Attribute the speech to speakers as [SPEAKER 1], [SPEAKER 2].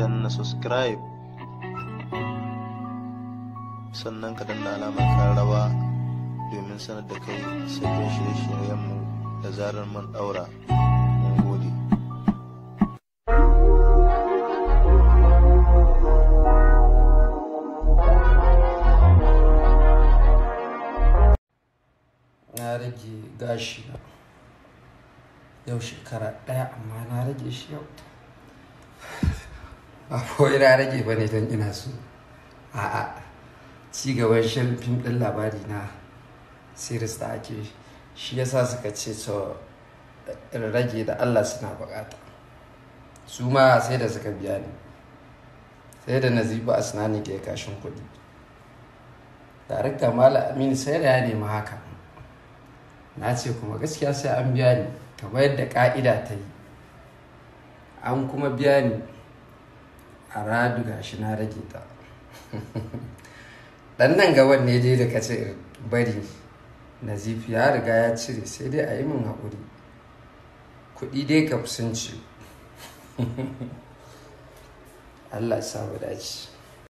[SPEAKER 1] dan na subscribe sannan ka danna alamar kararrawa domin sanar da kai sabbin shirye-shiryenmu da zarar mun daura gode
[SPEAKER 2] na rage gashi yau shekara ɗaya amma na rage shi yau
[SPEAKER 3] ba kawai na rage ba ne don ina so a'a cigaban gaban fim ɗin labari na series da ake shi yasa suka ce so rage da allah suna bukata su ma sai da suka biya ni sai da nazibu asnani ke kashin kuɗi darakta mala aminu sai da ya nemi haka na ce kuma gaskiya sai an biya ni kamar yadda ka'ida ta yi an kuma biya ni a radu ga shi na rage ta dan nan ga wanne dai da ka bari Nazifi. ya riga ya cire sai dai a yi min haƙuri kuɗi dai ka fusanci. Allah sabu sa dace